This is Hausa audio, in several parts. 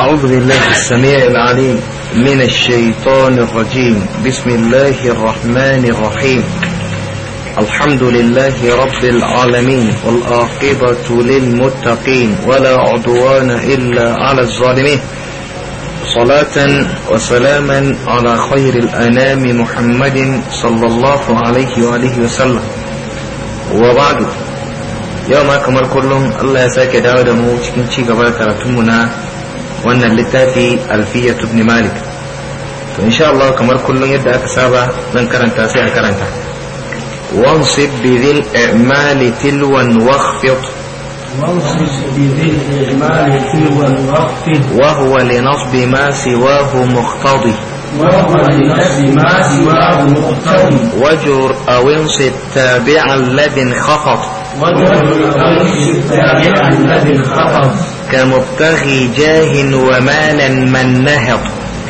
أعوذ بالله السميع العليم من الشيطان الرجيم بسم الله الرحمن الرحيم الحمد لله رب العالمين والآقبة للمتقين ولا عدوان إلا على الظالمين صلاة وسلاما على خير الأنام محمد صلى الله عليه وآله وسلم وبعد يوم أكمل كلهم الله يساك دعوة موت كنتي قبل كرتمنا wannan littafi alfiya ibn malik to insha Allah kamar kullum yadda aka saba zan karanta sai a karanta wansib bi dhil i'mali tilwan wakhfid وهو لنصب ما سواه مقتضي وهو لنصب ما سواه مقتضي وجر أو انصب تابعا لذي انخفض وجر أو انصب تابعا لذي انخفض كمبتغي جاه ومالا من نهض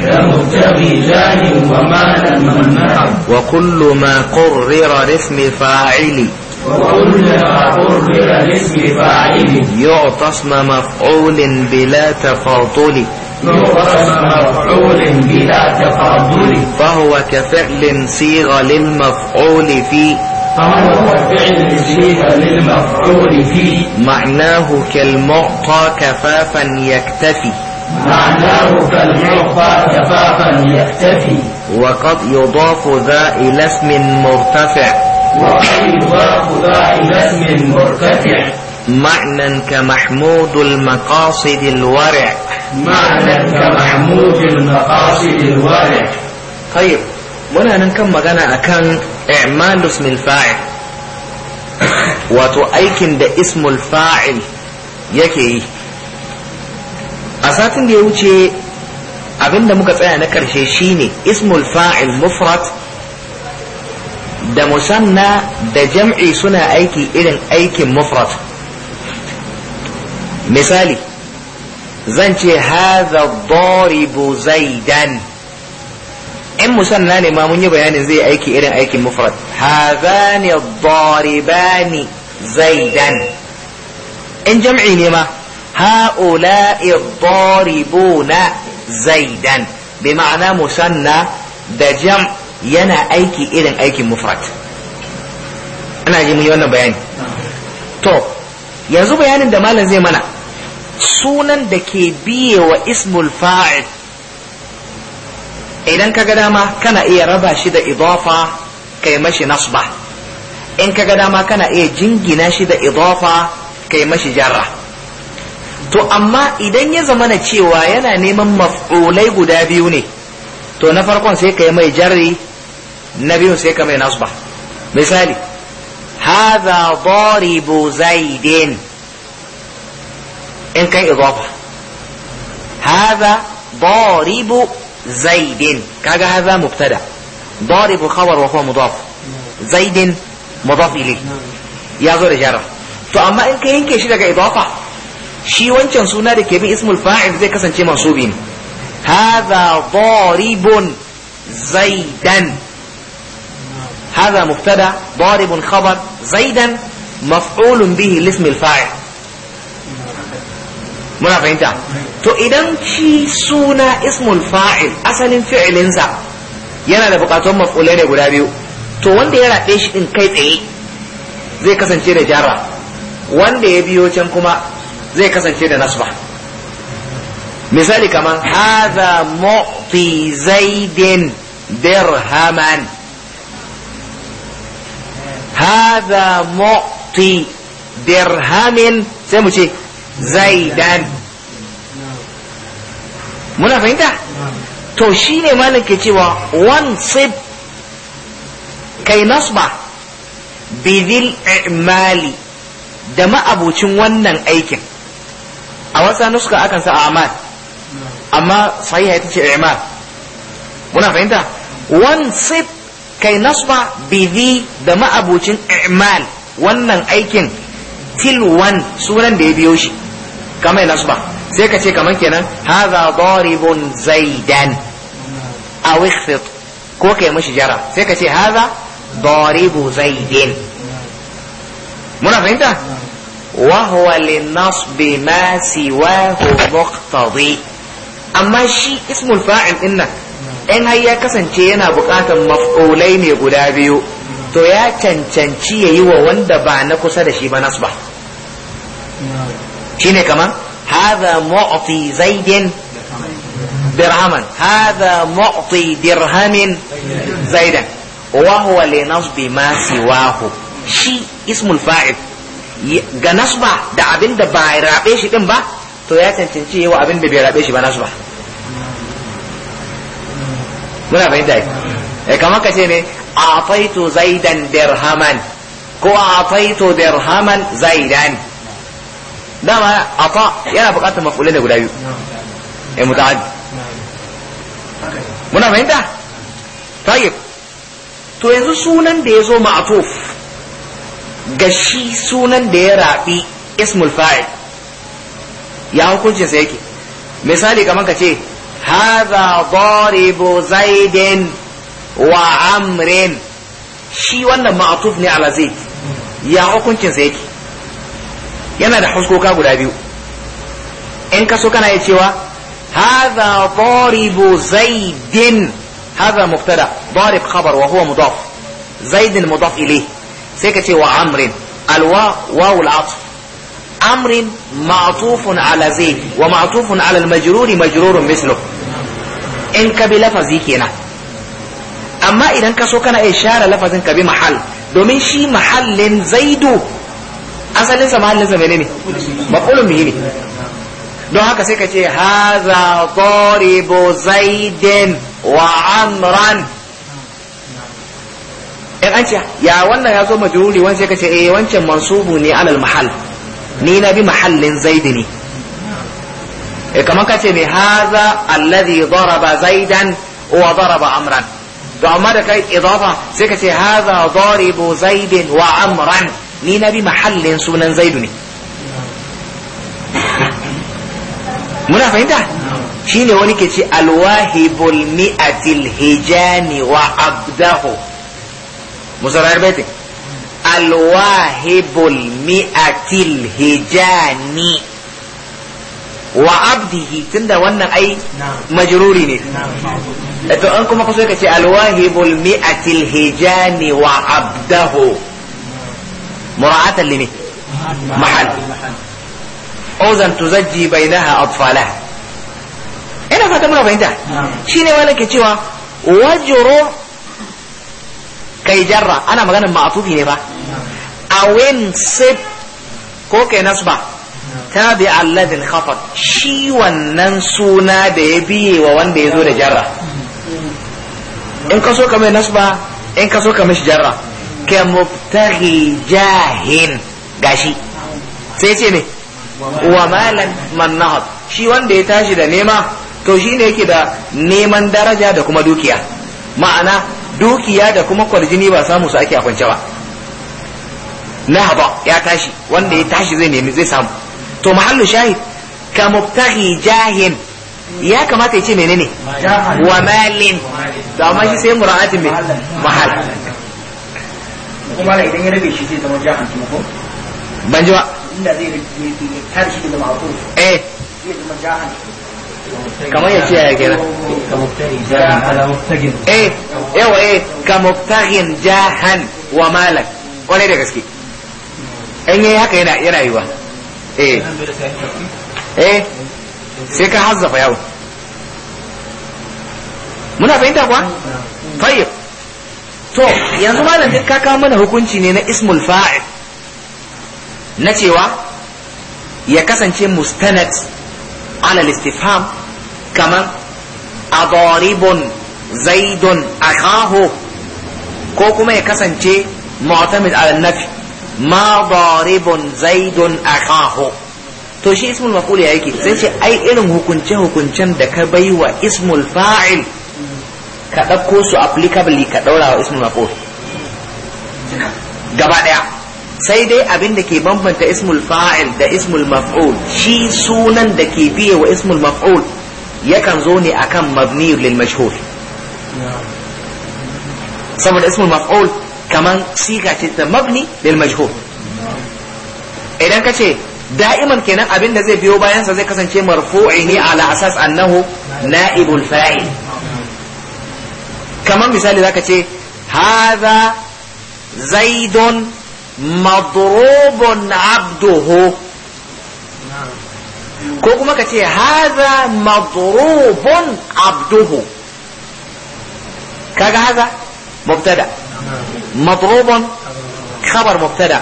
كمبتغي جاه ومالا من نهض وكل ما قرر لاسم فاعل وكل ما قرر لاسم فاعل يعطى اسم مفعول بلا تفاضل مفعول بلا تفاضل فهو كفعل صيغ للمفعول فيه للمفعول فيه معناه كالمعطى كفافا يكتفي معناه كالمعطى كفافا يكتفي وقد يضاف ذا إلى اسم مرتفع وقد يضاف ذا إلى اسم مرتفع معنى كمحمود المقاصد الورع معنى كمحمود المقاصد الورع طيب ولا ننكم مغانا أكان i'mal ismul fa'il wato aikin da ismul fa'il yake yi a satin da ya wuce abinda muka tsaya na karshe shine ismul fa'il mufrat da musanna da jam'i suna aiki irin aikin mufrat misali zan ce haza doribu zaidan in musanna ne ma mun yi bayanin zai aiki irin aikin mufrad hazani daribani zaidan in jam'i ne ma ha'ula'i daribuna zaidan bi ma'ana musanna da jam yana aiki irin aikin mufrad ana ji mun yi wannan bayani to yanzu bayanin da malam zai mana sunan da ke biye wa ismul fa'il idan kaga ga dama kana iya raba shi da idafa kai mashi nasba in kaga dama kana iya jingina shi da idafa kai mashi jarra to amma idan ya zama na cewa yana neman maf'ulai guda biyu ne to na farkon sai ka yi mai jarri na biyun sai ka mai nasba misali hadha daribu zaidin in kai idafa hadha daribu زيد كاجا هذا مبتدا ضارب الخبر وهو مضاف زيد مضاف اليه يا زور جرى to amma in ka yanke shi daga idafa shi wancan suna da ke bin ismul fa'il zai kasance mansubi ne hadha daribun zaidan hadha mubtada daribun khabar zaidan maf'ulun bihi lismil fa'il muna fahimta to idan shi suna ismul fa'il asalin fi'ilinsa yana da bukatun maf'ulai ne guda biyu to wanda ya raɗe shi ɗin kai tsaye zai kasance da jarra wanda ya biyo can kuma zai kasance da nasba misali kamar haza mu'ti zaidin dirhaman haza mu'ti dirhamin sai mu ce zaidan muna fahimta to shi ne malin ke cewa wan sib kai nasba bidil imali da ma'abocin wannan aikin a wasa nuska akan sa amal amma sahiha ita ce imal muna fahimta wan sib kai nasba bidi da ma'abocin imal wannan aikin tilwan sunan da ya biyo shi kamar nasba sai ka ce kamar kenan haza daribun zaidan aw ikhfid ko kai mashi jara sai ka ce haza daribu zaidin muna fahimta wa huwa linasbi ma siwahu muqtadi amma shi ismul fa'il dinnan in har ya kasance yana buƙatar maf'ulai ne guda biyu to ya cancanci ya yi wa wanda ba na kusa da shi ba nasba شنو كمان هذا معطي زيد درهما هذا معطي درهم زيدا وهو لنصب ما سواه شي اسم الفاعل جنصب ده عبين ده باير عبيش ده با تويات انتنشي هو عبين بيبير عبيش بنصب ولا بين ذلك كما كتيني أعطيت زيدا درهما كو أعطيت درهما زيدا dama fa yana bukatar maf'ulai da guda biyu eh muta'addi muna fahimta tayyib to yanzu sunan da ya zo ma'atuf ga shi sunan da ya raɓi ismul fa'il ya hukuncin sa yake misali kamar ka ce hadha daribu zaidin wa amrin shi wannan ma'atuf ne ala zaid ya hukuncin sa yake yana da huskoka guda biyu in ka so kana iya cewa hadha daribu zaidin hadha mubtada darib khabar wa huwa mudaf zaidin mudaf ilayh sai ka ce wa amrin alwa wawul atf amrin ma'tufun ala zaid wa ma'tufun ala al-majruri majrurun mislu in ka bi lafazi kenan amma idan ka so kana iya share lafazin ka bi mahal domin shi mahallin zaidu asalinsa mahallinsa mene ne maf'ulun bihi ne don haka sai ka ce haza daribu zaidin wa amran in an ce ya wannan ya zo majruri wani sai ka ce eh wancan mansubu ne alal mahal ni na bi mahallin zaidi ne eh kamar ka ce ne haza alladhi daraba zaidan wa daraba amran to amma da kai idafa sai ka ce haza daribu zaidin wa amran ni na bi mahallin sunan zaidu ne muna fahimta shine wani ke ce alwahibul mi'atil hijani wa abdahu musarar baitin alwahibul mi'atil hijani wa abdihi tunda wannan ai majruri ne to an kuma kaso ka ce alwahibul mi'atil hijani wa abdahu mura'atan limi mahal auzan tuzajji bainaha atfalaha ina fata muna fahimta shine wani ke cewa wajoro kai jarra ana maganin ma'atufi ne ba awin sib ko kai nasba ta bi alladin khafat shi wannan suna da ya biye wa wanda ya zo da jarra in ka so ka mai nasba in ka so ka mishi jarra ke tabtaghi jahin gashi sai ce ne wa malan mannahat shi wanda ya tashi da nema to shi ne yake da neman daraja da kuma dukiya ma'ana dukiya da kuma kwarjini ba samu su ake kwance ba nahaba ya tashi wanda ya tashi zai nemi zai samu to mahallu shahid ka mubtaghi jahin ya kamata ya ce menene wa malin to amma shi sai mura'atin mahal kuma la idan ya rabe shi zai zama jahan ko ban ji ba inda zai tar shi da ma'ruf eh zai zama jahan kamar ya ce ya kira eh yawa eh ka jahan wa malak kwarai da gaske in yayi haka yana yana yiwa eh eh sai ka hazzafa yawo muna fahimta kuwa tayyib to yanzu malam duk ka kawo mana hukunci ne na ismul fa'il na cewa ya kasance mustanad ala istifham kaman adaribun zaidun ko kuma ya kasance mu'tamid ala nafi ma daribun zaidun akahu to shi ismul maf'ul ya yake sai ce ai irin hukunce hukuncen da ka baiwa ismul fa'il ka ɗauko su applicably ka ɗaura wa ismul maf'ul gaba ɗaya sai dai abin da ke bambanta ismul fa'il da ismul maf'ul shi sunan da ke biye wa ismul maf'ul yakan zo ne akan mabni lil mashhur saboda ismul maf'ul kaman siga ce ta mabni lil mashhur idan ka ce da'iman kenan abin da zai biyo bayansa zai kasance marfu'i ne ala asas annahu na'ibul fa'il kamar misali zaka ce haza zaidun madrubun abduhu ko kuma ka ce haza madrubun abduhu kaga haza mubtada madrubun khabar mubtada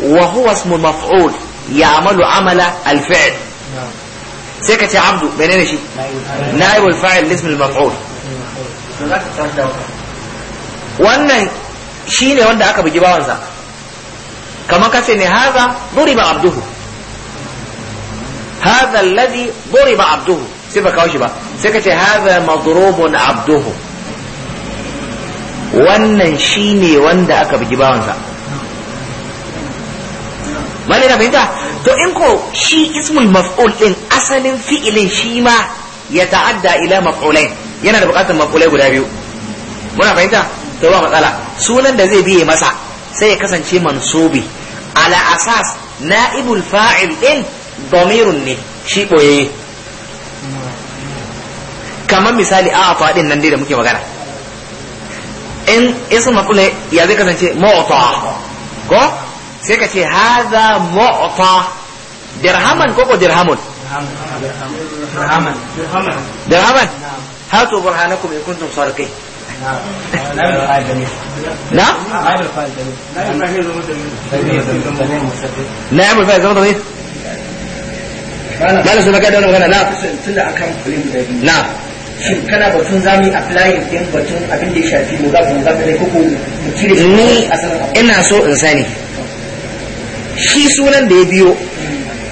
wa huwa ismu maf'ul ya'malu amala al-fi'l sai ka ce abdu menene shi na'ibul fa'il ismu al-maf'ul wannan shi ne wanda aka bugi bawansa kama kace ne haza duriba abduhu haza alladhi duriba abduhu sai ba kawo shi ba sai kace haza madrubun abduhu wannan shi ne wanda aka bugi bawansa mali na fahimta to in ko shi ismul maf'ul din asalin fi'ilin shi ma ya ta'adda ila maf'ulain yana da bukatar makulai guda biyu muna fahimta to ba matsala sunan da zai biye masa sai ya kasance mansubi ala asas na'ibul fa'il din damirun ne shi boye kamar misali a faɗin nan dai da muke magana in isu makulai ya zai kasance mota ko sai ka ce haza mota dirhaman ko ko dirhamun dirhaman dirhaman hatu burhanakum in kuntum sadiqin نعم نعم الفاعل نعم الفاعل زمان ضمير malam su da wani magana na tun da akan da biyu na shin kana batun zami applying din batun abin da ya shafi mu ga mu ga da koko mu cire ni ina so in sani shi sunan da ya biyo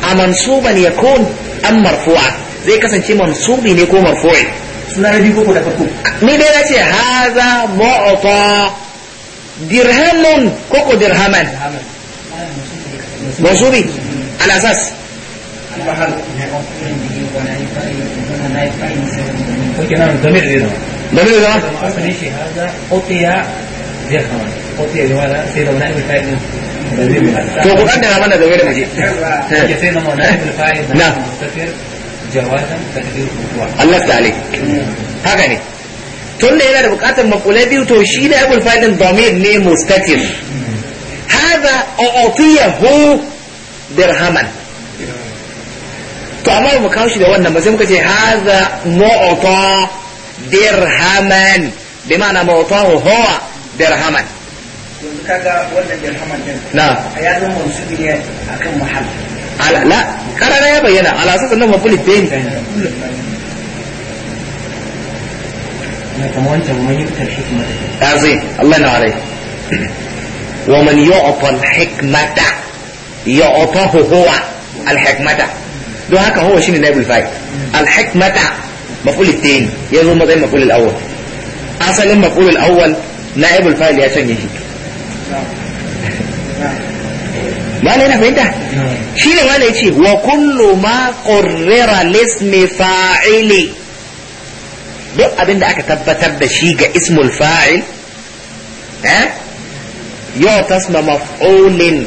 a mansuban yakun an marfu'a zai kasance mansubi ne ko marfu'i suna rabi goma da farko ni dai na ce haza mu'ata dirhamun koko dirhaman masubi al asas dami da zama? to kuɗan da mana da wai da maje na جوازا تقدير الموضوع الله عليك haka ne tun da yana da bukatar makulai biyu to shi da abul fadin domir ne mustatir haza utiyahu dirhaman to amma mu kawo shi da wannan ba sai muka ce haza mu'ta dirhaman bi ma'ana mu'tahu huwa dirhaman yanzu kaga wannan dirhaman din na ya zama musulmi ne akan muhammad ala la karara ya bayyana ala su sannan mafulin bayin azim Allah na alai wa man yu'ta al-hikmata yu'tahu huwa al-hikmata don haka huwa shine naibul fa'il al-hikmata maf'ul al-thani yazo matsayin maf'ul al-awwal asalin ya canje shi ba na fahimta shi ne wanda ya ce wa kullu ma ƙurrera lismi fa'ili duk abinda aka tabbatar da shi ga ismul fa'il eh yau tasma maf'ulin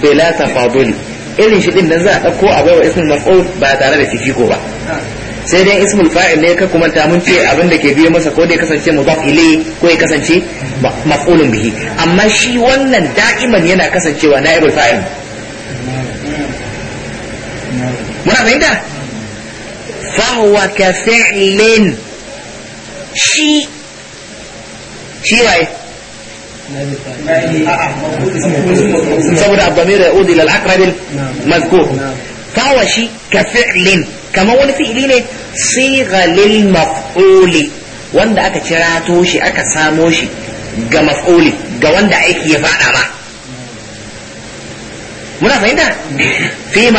bila tafadul irin shi din nan za a ɗauko a baiwa ismul maf'ul ba tare da fifiko ba sai dai ismul fa'il ne ka kuma ta mun ce abin da ke biyo masa ko da ya kasance mudaf ile ko ya kasance maf'ulun bihi amma shi wannan da'iman yana kasancewa na'ibul fa'il muna fahimta huwa ka fi'lin shi shi waye saboda abdamir ya udi lal aqrabil mazkur huwa shi ka fi'lin kamar wani fi'ili ne sigalil maf'uli wanda aka kirato shi aka samo shi ga maf'uli ga wanda aiki ya fada ba muna fahimta fi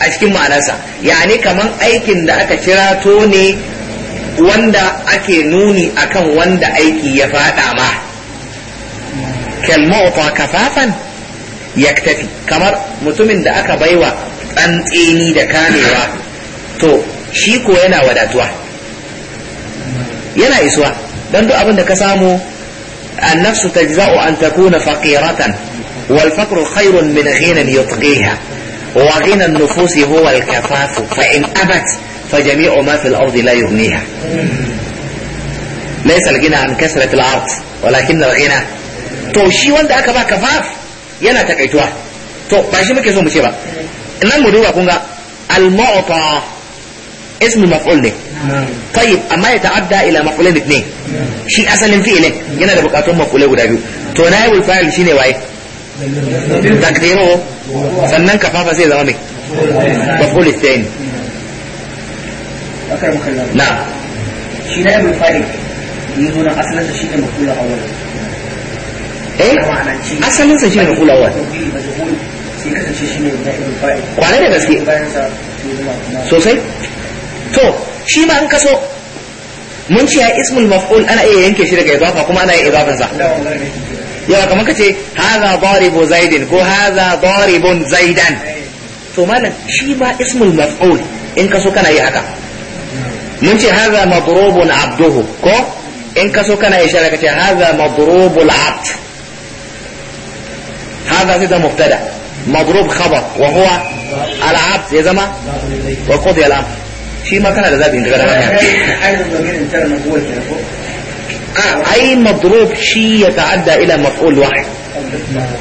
a cikin ma'anarsa yani kamar aikin da aka kirato ne wanda ake nuni akan wanda aiki ya fada ma kalmauta kafafan yaktafi kamar mutumin da aka baiwa tsini da kamewa to shi ko yana wadatuwa yana isuwa don duk abin da ka samu النفس تجزأ أن تكون فقيرة والفقر خير من غنى يطغيها وغنى النفوس هو الكفاف فإن أبت فجميع ما في الأرض لا يغنيها ليس الغنى عن كسرة العرض ولكن الغنى to shi wanda aka ba kafaf yana takaituwa to ba shi muke so mu ce ba nan mu duba kun ga al-mu'ta ismu maf'ul ne tayyib amma ya ta'adda ila maf'ulain ne shi asalin fi'ilin yana da bukatun maf'ulai guda biyu to naibul fa'il shine waye takdiru sannan kafafa sai zama mai maf'ul ithnain na shi naibul fa'il ni nuna asalin shi ne maf'ul awwal eh asalin sa shi ne maf'ul awwal kwana da gaske sosai to shi ma an kaso mun ce ya ismul maf'ul ana iya yanke shi daga idafa kuma ana iya idafan sa yawa kamar kace hadha daribu zaidin ko hadha daribun zaidan to malam shi ma ismul maf'ul in kaso kana yi haka mun ce hadha madrubun abduhu ko in kaso kana yi shara kace hadha madrubul abd hadha sai da mubtada مضروب خبر وهو العبد يا زما وقضي الامر shi ma kana da zaɓin daga dama a ai madrub shi ya ta'adda ila maf'ul wahid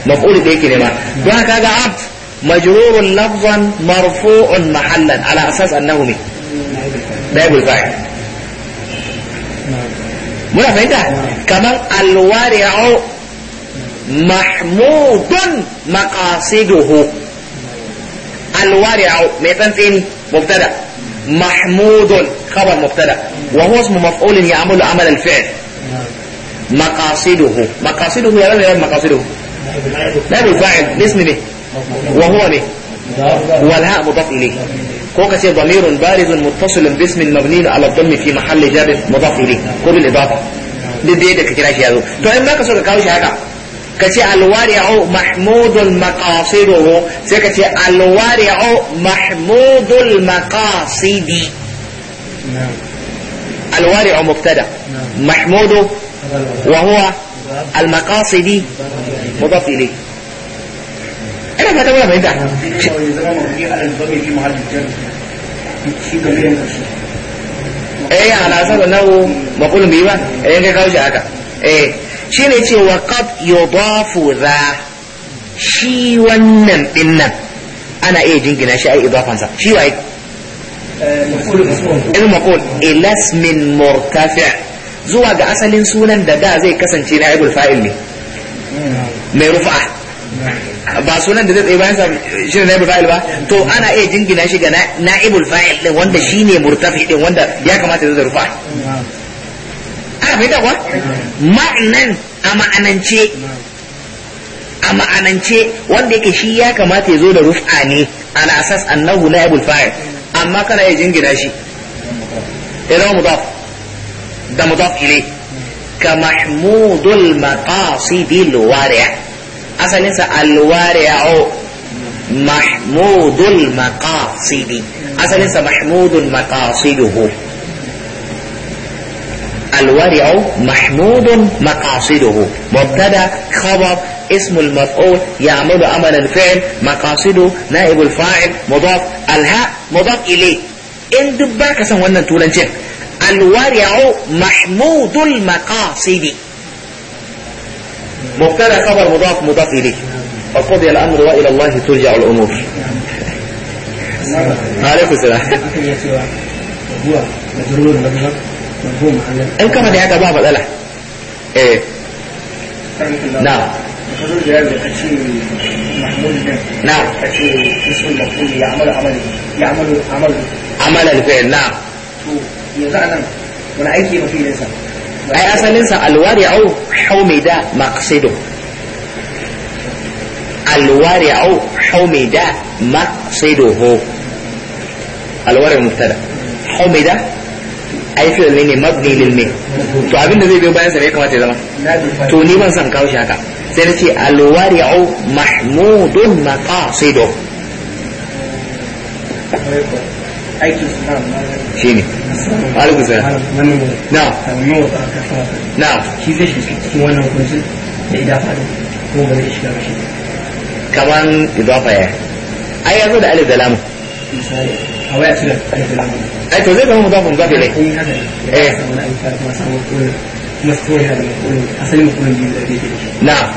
maf'ul da yake nema don haka ga abd majrurun lafzan marfu'un mahallan ala asas annahu ne daibul fa'il muna fahimta kamar alwari'u mahmudun maqasiduhu mai tsantsin mubtada mahmudun khabar mubtada al-fi'l maqasiduhu maqasiduhu ya rabbi maqasiduhu la bi fa'il ko kace damirun barizun muttasilun bi ismin mabniin ko bil idafa dai da kake kira shi yazo to in ka so ka kawo shi kace ce alwari'u mahmudul maqasiruhu sai ka alwari'u mahmudul maqasidi alwari'u mubtada mahmudu wa huwa المقاصد مضاف اليه انا ما تقول ما ينفع ايه على اساس انه مقول به ايه كاوش هذا ايه shi ne ce wa qad yudafu za shi wannan din nan ana iya jingina shi ai idafansa shi waye ilmu maqul ilas min murtafi' zuwa ga asalin sunan da da zai kasance na ibul fa'il ne mai rufa'a ba sunan da zai tsaye bayan shi ne naibul fa'il ba to ana iya jingina shi ga naibul fa'il din wanda shine murtafi din wanda ya kamata zai rufa'a ana fahimta kuwa ma'anan a ma'anance a ma'anance wanda yake shi ya kamata ya zo da rufa ne ala asas annahu la yabul fa'il amma kana ya jingina shi idan mudaf da mudaf ilay ka mahmudul maqasidil wari'a asalin sa al wari'u mahmudul maqasidi asalin sa mahmudul maqasiduhu الورع محمود مقاصده مبتدا خبر اسم المفعول يعمل عمل الفعل مقاصده نائب الفاعل مضاف الهاء مضاف اليه ان duk ba ka san wannan turancin مبتدا خبر مضاف مضاف اليه وقضي الامر والى الله ترجع الامور عليكم السلام in kafa da haka ba matsala eh na na amal alfa'il na yanzu anan wani aiki mafi nisa ai asalinsa alwari'u haumida maqsidu الورع حمد مقصده الورع مبتدا حمد ai fi'il ne mabni lil min to abin da zai biyo bayan sa ne kamata ya zama to ni ban san kawo shi haka sai na ce alwari'u mahmudun maqasidu shi ne alaikun sana na na shi zai shi cikin wannan kunshi da idafa da Na. ba zai shiga shi kaman idafa ya ai da alif da lamu a waya su da alif da اي توزيع هو مضاف مضاف اليه ايه هذا ايه نعم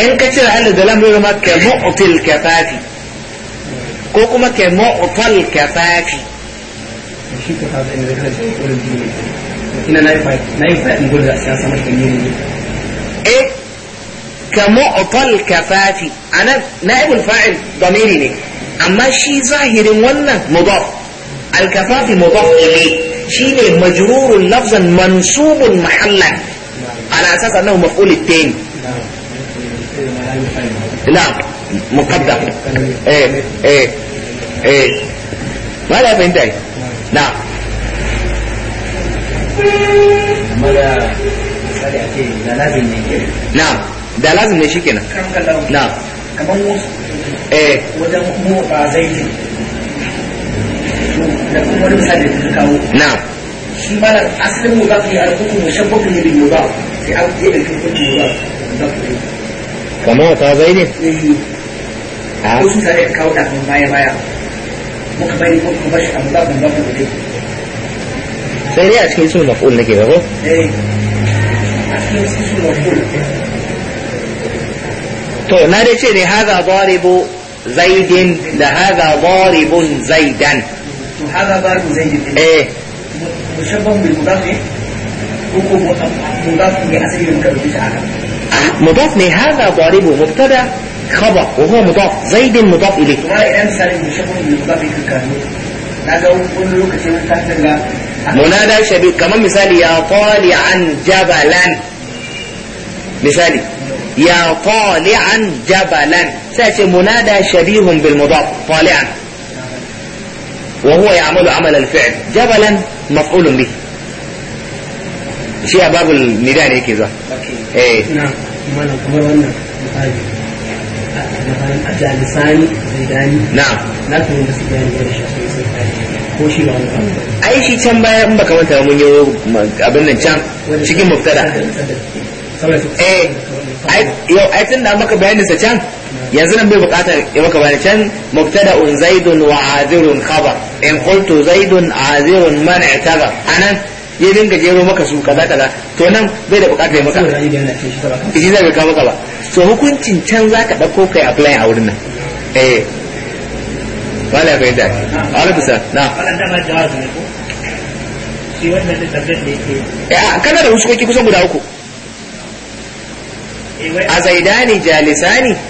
ان كثير على الدلام يقول مكة معطي الكفافي كوكو مكة معطي الكفافي ايه كمعطي الكفافي انا نائب الفاعل ضميري لي اما شيء ظاهر ولا مضاف alkafafi mudaf ilai shine majrurul lafzan mansubun mahallan ala asas annahu maf'ul ittain la muqaddar eh eh eh ما لا بين داي نعم نعم ده لازم نشيكنا نعم كمان موسى ايه وده مو زيتي wani misali da ka kawo na shi ba da asalin mu ba ka yi alhukum mushabbahun ne bin ba sai an yi ba ku yi kamar ta ne eh. ah. a wasu tare ka muka ko kuma shi abu ba ban ba ku dai sai dai a cikin sun maf'ul nake ba ko eh a cikin sun maf'ul to na dai ce ne haza zaribu zaidin da haza zaidan هذا زيد ايه مشبه بالمضاف مضاف لأسد المكبس على لهذا ضاربه مبتدا خبر وهو مضاف زيد مضاف اليه منادى شبيه كمان مثالي يا طالعا جبلا مثالي يا طالعا جبلا ساشي منادى شبيه بالمضاف طالعا وهو يعمل عمل الفعل جبلا مفعول به shi a babu nida ne yake na da lisani zaidani na na kuma da su gani da shi sosai ko shi ba wani can baya baka mun yi abin nan can cikin muftada eh ai yau ai tun da maka bayanin sa can yanzu nan bai bukatar ya maka bani can un zaidun wa azirun khabar in qultu zaidun azirun man i'taba anan ya dinga jero maka su kaza kaza to nan bai da bukatar ya maka shi zai ka kawo kaba so hukuncin can zaka dauko kai apply a wurin nan eh wala bai da alaikum bisa na eh, kana da huskoki kusan guda uku eh, a zaidani jalisani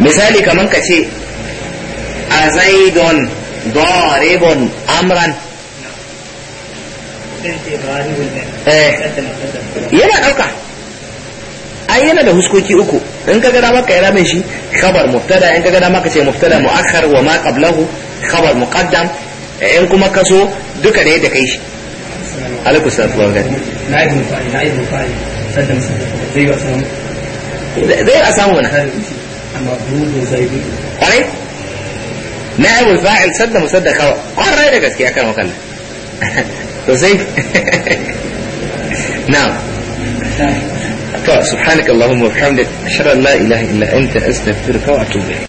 misali kaman ka ce a zaidon daribun amran eh, yana ɗauka ai yana da huskoki uku in ka gada maka ya shi khabar muftada in ka gada maka ce muftada mu'akhar wa ma qablahu khabar muqaddam in kuma kaso duka ne da kai shi alaikum salam wa rahmatullahi zai a samu na kwarai na aibul fa'il sadda musadda kawai kwarai da gaskiya kan makalla to sai na subhanakallahumma wa bihamdika ashhadu an la ilaha illa anta astaghfiruka wa atubu